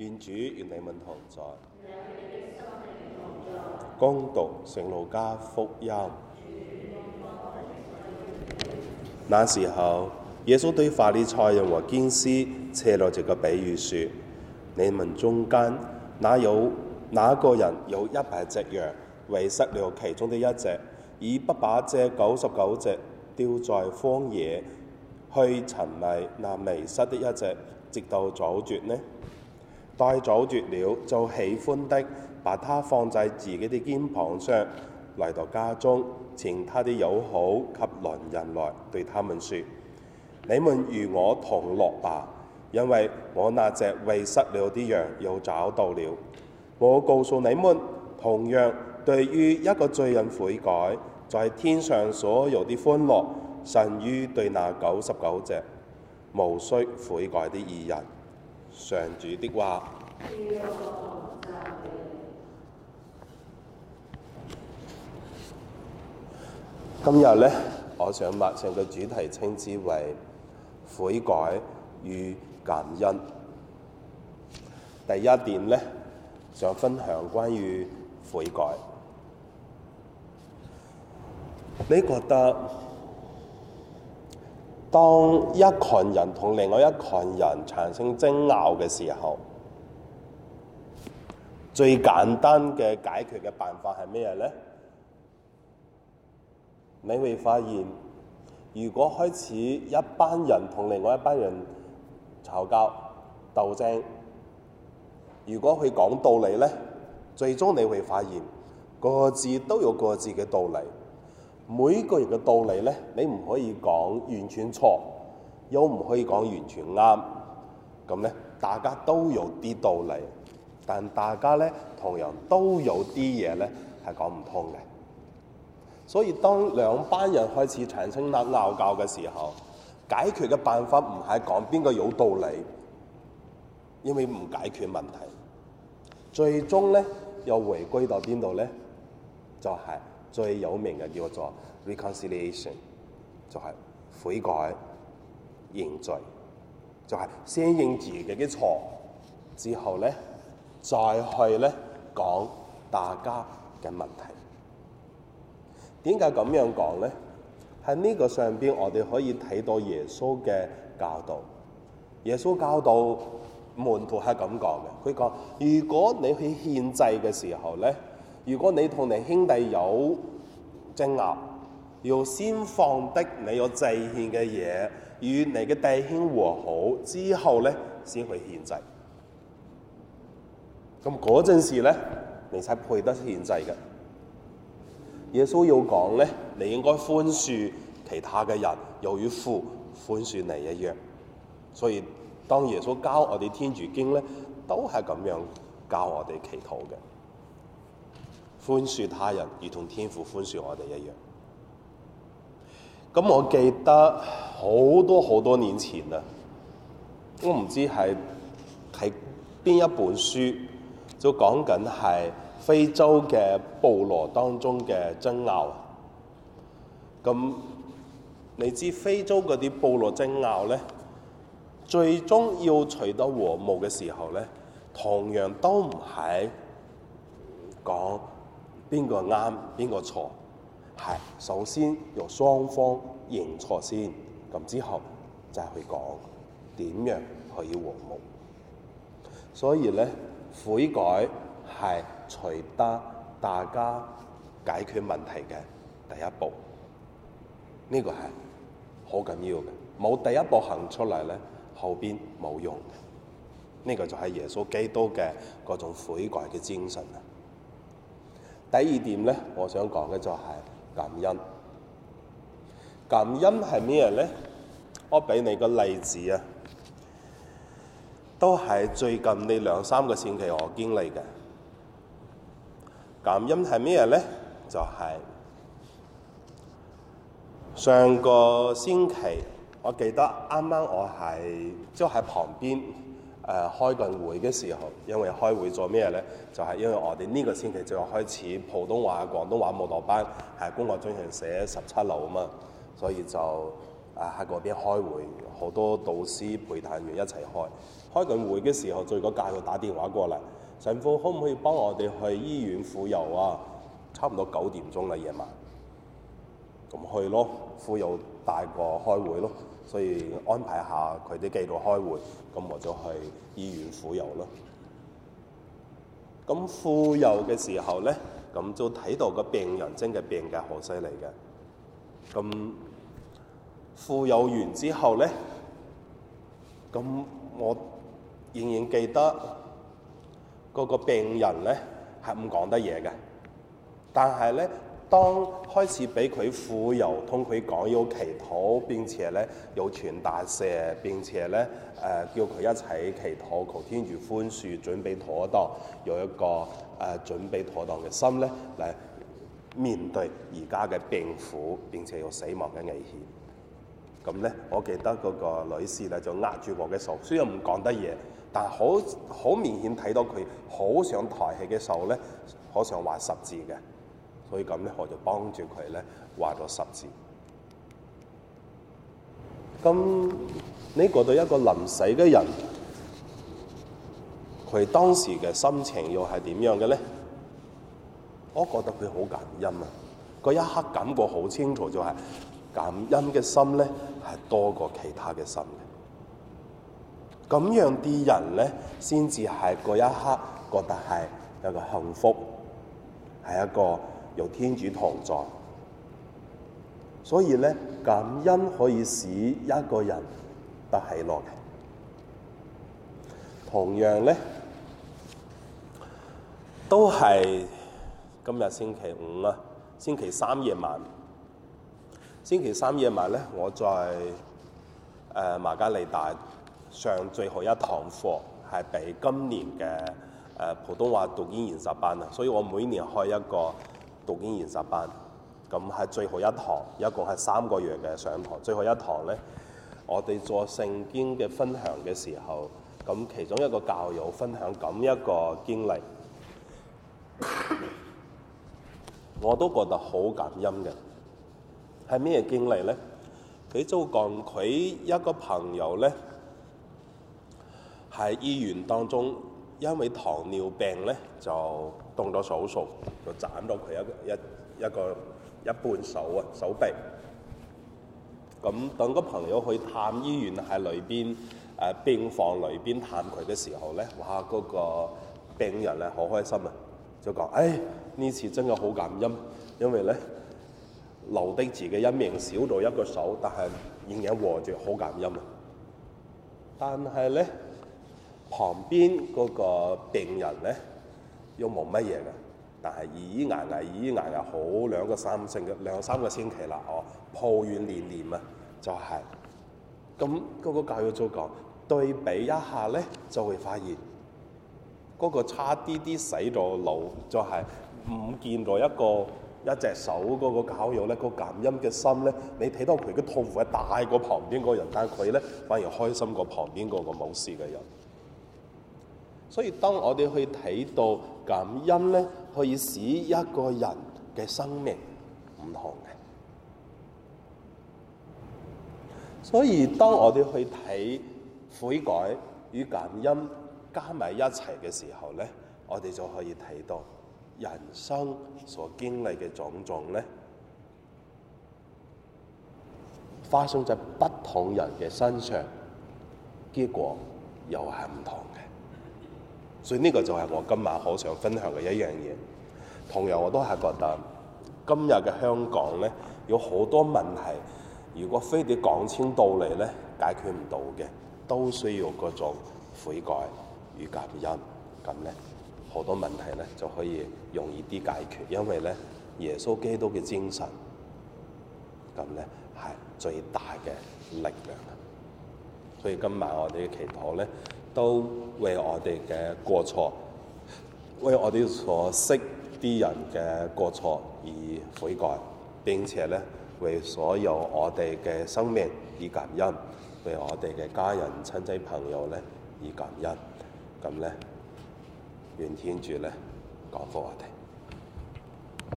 願主與你們同在。恭讀《聖路加福音》。那時候，耶穌對法利賽人和經師，設了這個比喻，說：你們中間，哪有哪個人有一百隻羊，遺失了其中的一隻，而不把這九十九隻丟在荒野，去尋覓那遺失的一隻，直到找著呢？帶早絕了就喜歡的，把它放在自己的肩膀上，嚟到家中，請他的友好及鄰人來對他們説：你們與我同樂吧，因為我那隻遺失了的羊又找到了。我告訴你們，同樣對於一個罪人悔改，在、就是、天上所有的歡樂，甚於對那九十九隻無需悔改的義人。上主的話，今日呢，我想默上嘅主題稱之為悔改與感恩。第一點呢，想分享關於悔改。你覺得？當一群人同另外一群人產生爭拗嘅時候，最簡單嘅解決嘅辦法係咩咧？你會發現，如果開始一班人同另外一班人吵架鬥爭，如果去講道理咧，最終你會發現，各自都有各自嘅道理。每個人嘅道理咧，你唔可以講完全錯，又唔可以講完全啱。咁咧，大家都有啲道理，但大家咧同樣都有啲嘢咧係講唔通嘅。所以當兩班人開始產生鬧鬧交嘅時候，解決嘅辦法唔係講邊個有道理，因為唔解決問題。最終咧又回歸到邊度咧？就係、是。最有名嘅叫做 reconciliation，就係悔改認罪，就係先認自己嘅錯，之後咧再去咧講大家嘅問題。點解咁樣講咧？喺呢個上邊，我哋可以睇到耶穌嘅教導。耶穌教導門徒係咁講嘅，佢講：如果你去獻祭嘅時候咧。如果你同你兄弟有爭拗，要先放的你有祭獻嘅嘢，與你嘅弟兄和好之後咧，先去獻祭。咁嗰陣時咧，你才配得獻祭嘅。耶穌要講咧，你應該寬恕其他嘅人，猶如父寬恕你一樣。所以當耶穌教我哋天主經咧，都係咁樣教我哋祈禱嘅。寬恕他人，如同天父寬恕我哋一樣。咁我記得好多好多年前啊，我唔知係睇邊一本書，就講緊係非洲嘅部落當中嘅爭拗。咁你知非洲嗰啲部落爭拗咧，最終要取得和睦嘅時候咧，同樣都唔係講。邊個啱，邊個錯？係首先由雙方認錯先，咁之後就係去講點樣可以和睦。所以咧，悔改係取得大家解決問題嘅第一步。呢個係好緊要嘅，冇第一步行出嚟咧，後邊冇用嘅。呢個就係耶穌基督嘅嗰種悔改嘅精神啊！第二點呢，我想講嘅就係感恩。感恩係咩呢？我畀你個例子啊，都係最近呢兩三個星期我經歷嘅。感恩係咩呢？就係上個星期，我記得啱啱我係即喺旁邊。誒、呃、開緊會嘅時候，因為開會做咩咧？就係、是、因為我哋呢個星期就開始普通話、廣東話慕道班，係公教進行寫十七樓啊嘛，所以就啊喺嗰邊開會，好多導師、陪談員一齊開。開緊會嘅時候，最後個教授打電話過嚟，神父可唔可以幫我哋去醫院傅油啊？差唔多九點鐘啦，夜晚，咁去咯，傅油大過開會咯。所以安排下佢啲繼續開會，咁我就去醫院傅油咯。咁傅油嘅時候咧，咁就睇到個病人真係病㗎，好犀利嘅。咁傅油完之後咧，咁我仍然記得嗰個病人咧係唔講得嘢嘅，但係咧。當開始俾佢傅油，同佢講要祈禱，並且咧要傳大赦，並且咧誒、呃、叫佢一齊祈禱，求天主寬恕，準備妥當，有一個誒、呃、準備妥當嘅心咧嚟面對而家嘅病苦，並且有死亡嘅危險。咁咧，我記得嗰個女士咧就握住我嘅手，雖然唔講得嘢，但係好好明顯睇到佢好想抬起嘅手咧，好想畫十字嘅。所以咁咧，我就幫住佢咧畫咗十字。咁你覺得一個臨死嘅人，佢當時嘅心情又係點樣嘅咧？我覺得佢好感恩啊！嗰一刻感覺好清楚，就係感恩嘅心咧，係多過其他嘅心嘅。咁樣啲人咧，先至係嗰一刻覺得係一個幸福，係一個。有天主同在，所以咧感恩可以使一個人得喜樂嘅。同樣咧，都係今日星期五啊，星期三夜晚。星期三夜晚咧，我在誒瑪加利大上最後一堂課，係俾今年嘅誒、呃、普通話讀經研習班啊，所以我每年開一個。讀經研習班，咁係最後一堂，一共係三個月嘅上堂。最後一堂咧，我哋做聖經嘅分享嘅時候，咁其中一個教友分享咁一個經歷，我都覺得好感恩嘅。係咩經歷咧？佢就講佢一個朋友咧，喺醫院當中。因為糖尿病咧，就動咗手術，就斬咗佢一一一個一半手啊手臂。咁等個朋友去探醫院喺裏邊誒病房裏邊探佢嘅時候咧，哇嗰、那個病人啊好開心啊，就講：誒、哎、呢次真係好感恩，因為咧留得自己一命少咗一個手，但係仍然活住好感恩啊！但係咧。旁邊嗰個病人咧，又冇乜嘢嘅，但係依依挨挨、依挨挨，好兩個三星嘅兩三個星期啦。哦，抱怨連連啊，就係咁嗰個教育組講對比一下咧，就會發現嗰、嗰個差啲啲死咗腦，就係、係、唔見咗一個一隻手嗰、嗰個教育咧，嗰個感恩嘅心咧，你睇到佢嘅痛苦大過、嗰個、旁邊嗰個人，但係佢咧反而開心過、嗰個、旁邊嗰、嗰個冇事嘅人。所以，當我哋去睇到感恩咧，可以使一個人嘅生命唔同嘅。所以，當我哋去睇悔改與感恩加埋一齊嘅時候咧，我哋就可以睇到人生所經歷嘅種種咧，發生在不同人嘅身上，結果又係唔同嘅。所以呢個就係我今晚好想分享嘅一樣嘢。同樣我都係覺得今日嘅香港咧，有好多問題，如果非得講清道理咧，解決唔到嘅，都需要嗰種悔改與感恩。咁咧，好多問題咧就可以容易啲解決，因為咧耶穌基督嘅精神，咁咧係最大嘅力量。所以今晚我哋嘅祈禱咧，都為我哋嘅過錯，為我哋所識啲人嘅過錯而悔改，並且咧為所有我哋嘅生命而感恩，為我哋嘅家人親戚朋友咧而感恩，咁咧，願天主咧降福我哋。